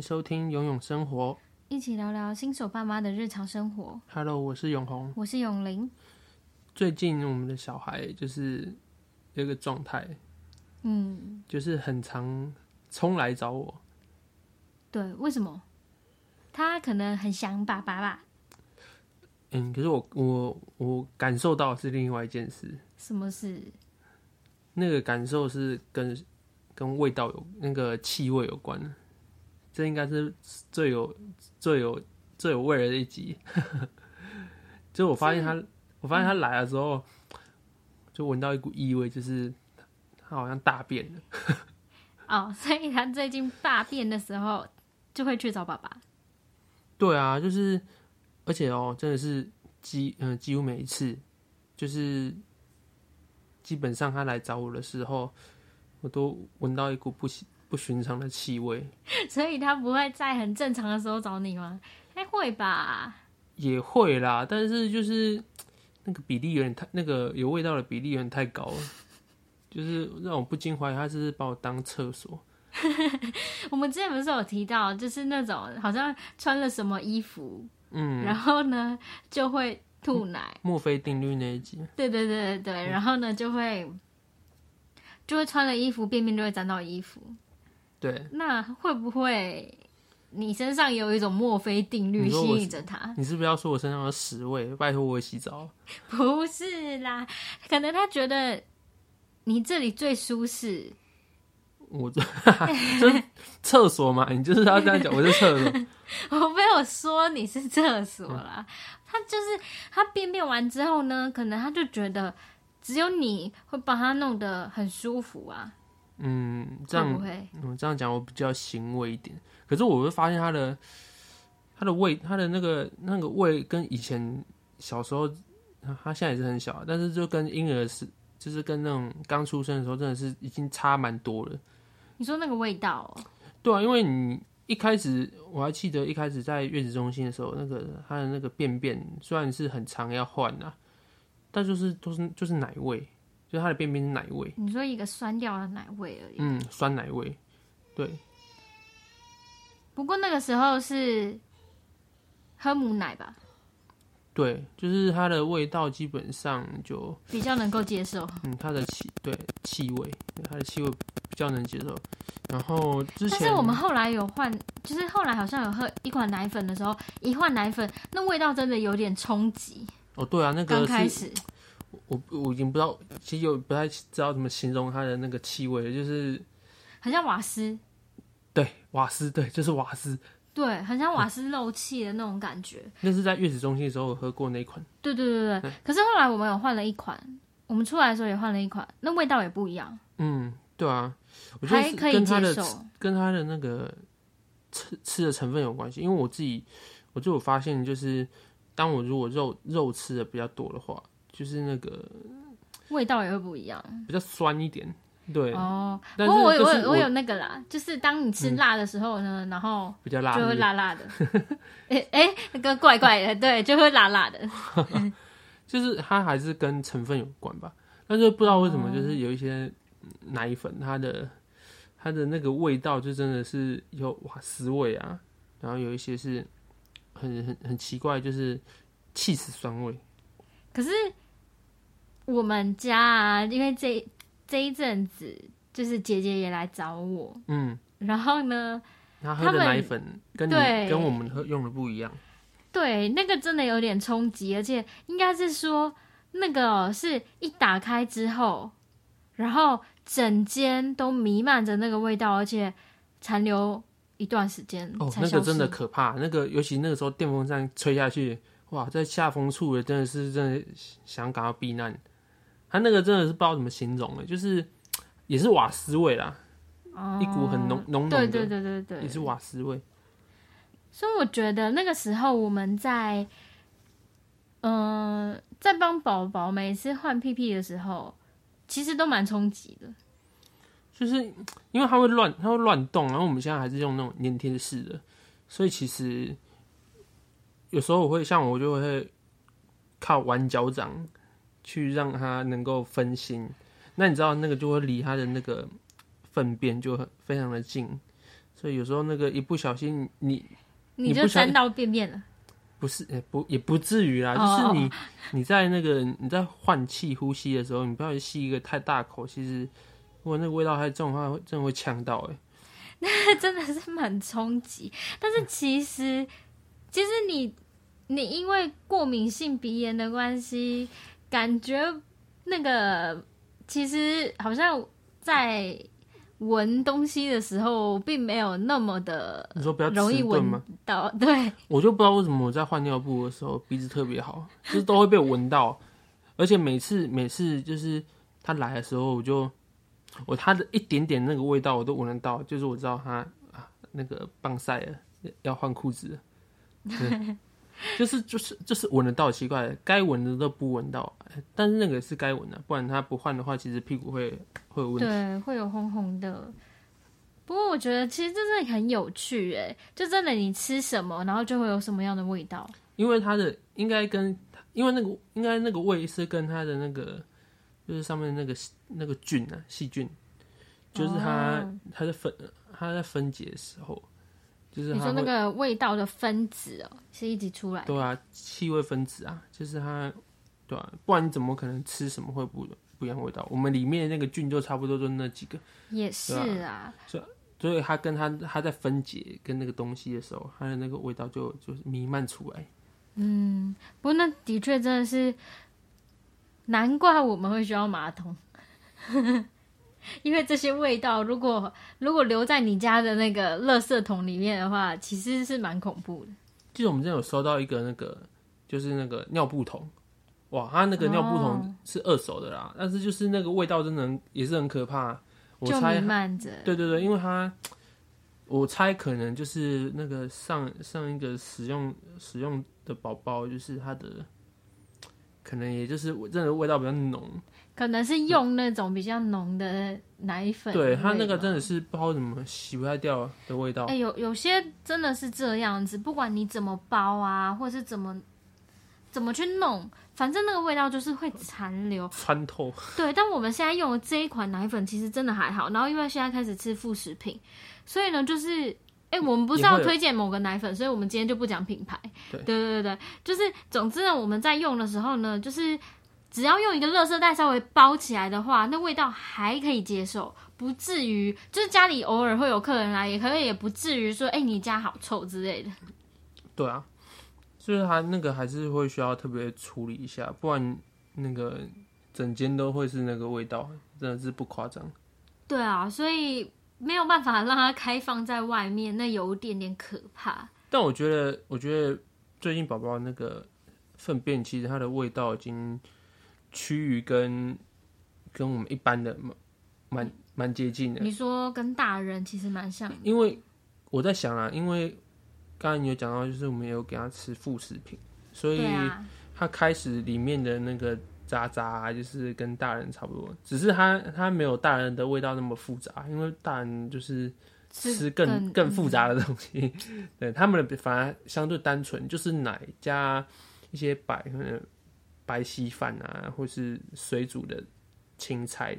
收聽《永詠生活》，一起聊聊新手爸媽的日常生活。Hello，我是永紅，我是永玲。最近我們的小孩就是一個狀態，嗯，就是很常衝來找我。對，為什麼？他可能很想爸爸吧。嗯，可是我我我感受到是另外一件事。什麼事？那個感受是跟跟味道有那個氣味有關的。這應該是最有最有最有味的一集， 就我發現他，以我發現他來的時候，就聞到一股異味，就是他好像大便了。 哦，所以他最近大便的時候就會去找爸爸。 對啊，就是而且哦，真的是幾嗯、呃、幾乎每一次，就是基本上他來找我的時候，我都聞到一股不行。不尋常的氣味，所以他不會在很正常的時候找你嗎？欸、會吧，也會啦，但是就是那個比例有點太，那個有味道的比例有點太高了，就是讓我不禁懷疑他是把我當廁所。 我們之前不是有提到，就是那種好像穿了什麼衣服，嗯，然後呢就會吐奶，墨菲定律那一集，對，對對對對對，嗯、然後呢就會就會穿了衣服，便便就會沾到衣服。對，那會不會你身上有一種墨菲定律，吸引着他你？你是不是要說我身上有屎味？拜託，我洗澡。不是啦，可能他覺得你這裡最舒適。我這就廁所嘛， 你就是要這樣講，我是廁所。 我沒有說你是廁所啦，嗯、他就是他便便完之後呢，可能他就覺得只有你會把他弄得很舒服啊。嗯，這樣，我、嗯、這樣講，我比較欣慰一點。可是我會發現他的，他的味，他的那個那個味，跟以前小時候，他現在也是很小，但是就跟嬰兒是，就是跟那種剛出生的時候，真的是已經差蠻多了。你說那個味道、哦？對啊，因為你一開始，我還記得一開始在月子中心的時候，那個他的那個便便，雖然是很常要換吶、啊，但就是都、就是就是奶味。就是它的便便是奶味，你說一個酸掉的奶味而已。嗯，酸奶味，對。不過那個時候是喝母奶吧？對，就是它的味道基本上就比較能夠接受。嗯，它的氣，對，氣味，它的氣味比較能接受。然後之前，但是我們後來有換，就是後來好像有喝一款奶粉的時候，一換奶粉，那味道真的有點衝擊。哦，對啊，那個是，剛開始。我我已經不知道，其實我不太知道怎麼形容它的那個氣味，就是很像瓦斯。對，瓦斯，對，就是瓦斯。對，很像瓦斯漏氣的那種感覺。那、嗯、是在月子中心的時候我喝過那一款。對對對對，來可是後來我們有換了一款，我們出來的時候也換了一款，那味道也不一樣。嗯，對啊，我覺得跟它的還可以接受跟它的那個吃吃的成分有關係，因為我自己我就有發現，就是當我如果肉肉吃的比較多的話，就是那個味道，也會不一樣，比較酸一點。對哦，不過、oh, 我，我有我有那個啦，就是當你吃辣的時候呢，嗯、然後比較辣，就會辣辣的。哎哎、欸欸，那個怪怪的， 對，就會辣辣的。 就是它還是跟成分有關吧，但是不知道為什麼，就是有一些奶粉它的、oh. 它的那個味道就真的是有哇屎味啊，然後有一些是很很很奇怪，就是起司酸味。可是。我們家啊，因為這這一陣子，就是姐姐也來找我，嗯，然後呢，她喝的奶粉跟你對跟我們喝用的不一樣，對，那個真的有點衝擊，而且應該是說那個是一打開之後，然後整間都瀰漫着那個味道，而且殘留一段時間，哦，那個真的可怕，那個尤其那個時候電風扇吹下去，哇，在下風處真的是真的想趕快避難。他那個真的是不知道怎麼形容了，就是也是瓦斯味啦，oh, 一股很濃濃濃的，對對對對對，也是瓦斯味。所以我覺得那個時候我們在，嗯、呃，在幫寶寶每次換屁屁的時候，其實都蠻衝擊的。就是因為他會亂，他會亂動，然後我們現在還是用那種粘貼式的，所以其實有時候我會像我就會靠彎腳掌。去讓他能夠分心，那你知道那個就會離他的那個糞便就很非常的近，所以有時候那個一不小心你你就沾到便便了，不是、欸、不也不至於啦，好啊好啊，就是你你在那個你在換氣呼吸的時候，你不要吸一個太大口，其實如果那個味道太重的話，真的會嗆到哎、欸，那 真的是蠻衝擊，但是其實、嗯、其實你你因為過敏性鼻炎的關係。感覺那個其實好像在聞東西的時候，並沒有那麼的，你說比較容易聞嗎？到對，我就不知道為什麼我在換尿布的時候鼻子特別好，就是都會被我聞到， 而且每次每次就是他來的時候，我就我他的一點點那個味道我都聞得到，就是我知道他、啊、那個棒賽了要換褲子了。 就是就是就是聞得到奇怪，該聞的都不聞到，但是那個是該聞的，不然它不換的話，其實屁股會會有問題，對，會有紅紅的。不過我覺得其實這真的很有趣，誒，就真的你吃什麼，然後就會有什麼樣的味道。因為它的應該跟，因為那個應該那個味是跟它的那個，就是上面那個那個菌啊細菌，就是它、oh. 它在分它在分解的時候。就是你說那個味道的分子哦，是一直出來的。對啊，氣味分子啊，就是它，對啊，不然你怎麼可能吃什麼會不不一樣味道？我們裡面的那個菌就差不多就那幾個。也是啊，所以、啊、所以它跟它它在分解跟那個東西的時候，它的那個味道就就是彌漫出來。嗯，不過那的確真的是，難怪我們會需要馬桶。 因為這些味道，如果如果留在你家的那個垃圾桶裡面的話，其實是蠻恐怖的。就是我們之前有收到一個那個，就是那個尿布桶，哇，它那個尿布桶是二手的啦，oh. 但是就是那個味道真的也是很可怕。我猜他，就瀰漫著。對對對，因為它，我猜可能就是那個上上一個使用使用的寶寶，就是它的，可能也就是真的味道比較濃。可能是用那種比較濃的奶粉，對，它那個真的是包怎麼洗不太掉的味道。哎，有有些真的是這樣子，不管你怎麼包啊，或者是怎麼怎麼去弄，反正那個味道就是會殘留穿透。對，但我們現在用的這一款奶粉其實真的還好。然後因為現在開始吃副食品，所以呢，就是哎，我們不是要推薦某個奶粉，會所以我們今天就不講品牌。對對對對，就是總之呢，我們在用的時候呢，就是。只要用一個垃圾袋稍微包起來的話，那味道還可以接受，不至於就是家裡偶爾會有客人來，也可以也不至於說，哎、欸，你家好臭之類的。對啊，所以它那個還是會需要特別處理一下，不然那個整間都會是那個味道，真的是不誇張。對啊，所以沒有辦法讓它開放在外面，那有點點可怕。但我覺得，我覺得最近寶寶那個糞便，其實它的味道已經。區域跟，跟我們一般的蠻蠻蠻接近的。你說跟大人其實蠻像的，因為我在想啊，因為剛剛你有講到，就是我們有給他吃副食品，所以他開始裡面的那個渣渣就是跟大人差不多，只是他他沒有大人的味道那麼複雜，因為大人就是吃更是跟 更複雜的東西， 對他們的反而相對單純，就是奶加一些白。白稀飯啊，或是水煮的青菜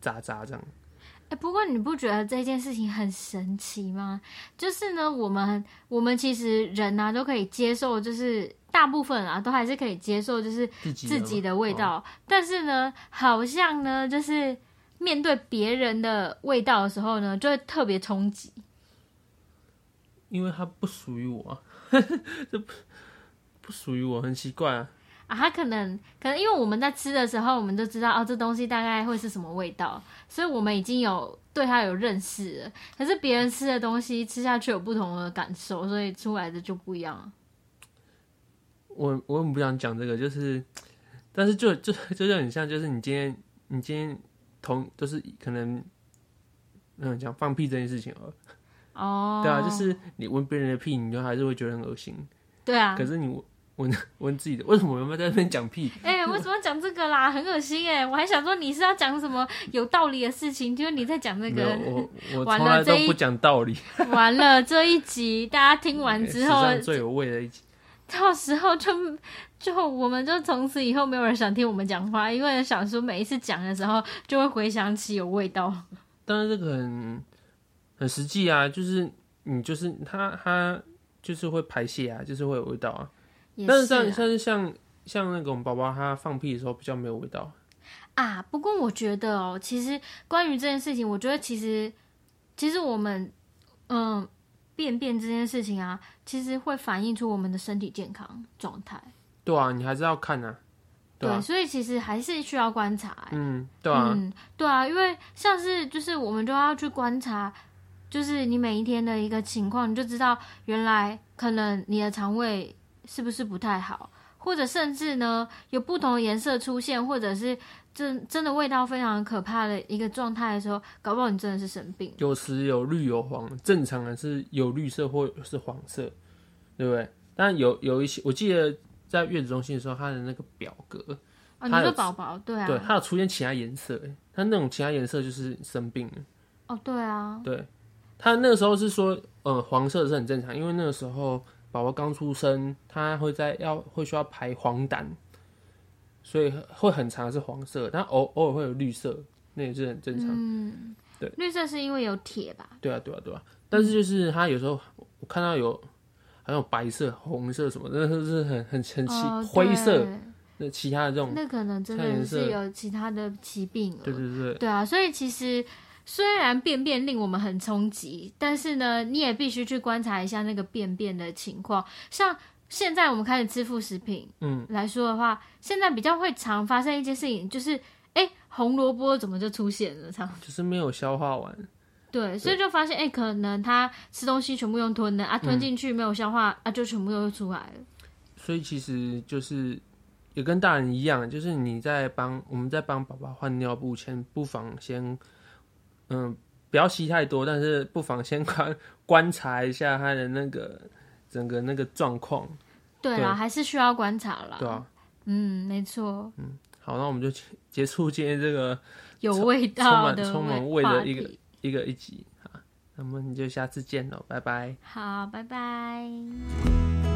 渣渣這樣。哎、欸，不過你不覺得這件事情很神奇嗎？就是呢，我們我們其實人呢、啊、都可以接受，就是大部分啊都還是可以接受，就是自己的味道。哦、但是呢，好像呢，就是面對別人的味道的時候呢，就會特別衝擊。因為它不屬於我，這 不不屬於我，很奇怪啊。啊，他可能可能因為我們在吃的時候，我們就知道哦，這東西大概會是什麼味道，所以我們已經有對它有認識了。可是別人吃的東西吃下去有不同的感受，所以出來的就不一樣。我我我很不想講這個，就是，但是就就就就很像，就是你今天你今天同就是可能，嗯，講放屁這件事情哦。哦，oh. 對啊，就是你聞別人的屁，你就還是會覺得很惡心。對啊，可是你聞。問問自己的為什麼我們在這邊講屁？哎、欸，為什麼要講這個啦？ 很惡心哎！我還想說你是要講什麼有道理的事情，結果 你在講這、那個。我我從來都不講道理。 完了這一集，大家聽完之後，欸、最有味的一集。到時候就就我們就從此以後沒有人想聽我們講話，因為想說每一次講的時候就會回想起有味道。但是這個很很實際啊，就是你就是他他就是會排泄啊，就是會有味道啊。但是像是、啊、像是像像那個我們寶寶他放屁的時候比較沒有味道啊。不過我覺得哦、喔，其實關於這件事情，我覺得其實其實我們嗯，便便這件事情啊，其實會反映出我們的身體健康狀態。對啊，你還是要看吶、啊。對,啊、對，所以其實還是需要觀察、欸。嗯，對啊、嗯，對啊，因為像是就是我們就要去觀察，就是你每一天的一個情況，你就知道原來可能你的腸胃。是不是不太好？或者甚至呢，有不同顏色出現，或者是真真的味道非常可怕的一個狀態的時候，搞不好你真的是生病。有時有綠有黃，正常的是有綠色或是黃色，對不對？但有有一些，我記得在月子中心的時候，他的那個表格，哦、你說寶寶對啊，對，他有出現其他顏色，他那種其他顏色就是生病了。哦，對啊，對，他那個時候是說，嗯、呃，黃色是很正常，因為那個時候。寶寶剛出生，他會在要會需要排黃疸，所以會很常是黃色，但偶偶爾會有綠色，那也是很正常。嗯，對，綠色是因為有鐵吧對，啊？對啊，對啊，對啊。嗯、但是就是他有時候我看到有還有白色、紅色什麼，那都是很很很、哦、灰色，那對其他的這種，那可能真的是有其他的疾病了。對對對，對啊，所以其實。雖然便便令我們很衝擊，但是呢，你也必須去觀察一下那個便便的情況。像現在我們開始吃副食品，嗯，來說的話，嗯、現在比較會常發生一件事情，就是，哎、欸，紅蘿蔔怎麼就出現了？這樣子，就是沒有消化完，對，對所以就發現，哎、欸，可能他吃東西全部用吞的啊，吞進去沒有消化、嗯、啊，就全部又出來了。所以其實就是也跟大人一樣，就是你在幫我們在幫寶寶換尿布前，不妨先。嗯，不要吸太多，但是不妨先觀觀察一下他的那個整個那個狀況。對啦，對。還是需要觀察啦。對啊，嗯，沒錯。嗯，好，那我們就結束今天這個有味道、充滿充滿味的一個，話題，一個一個一集，好，那麼，你就下次見嘍，拜拜。好，拜拜。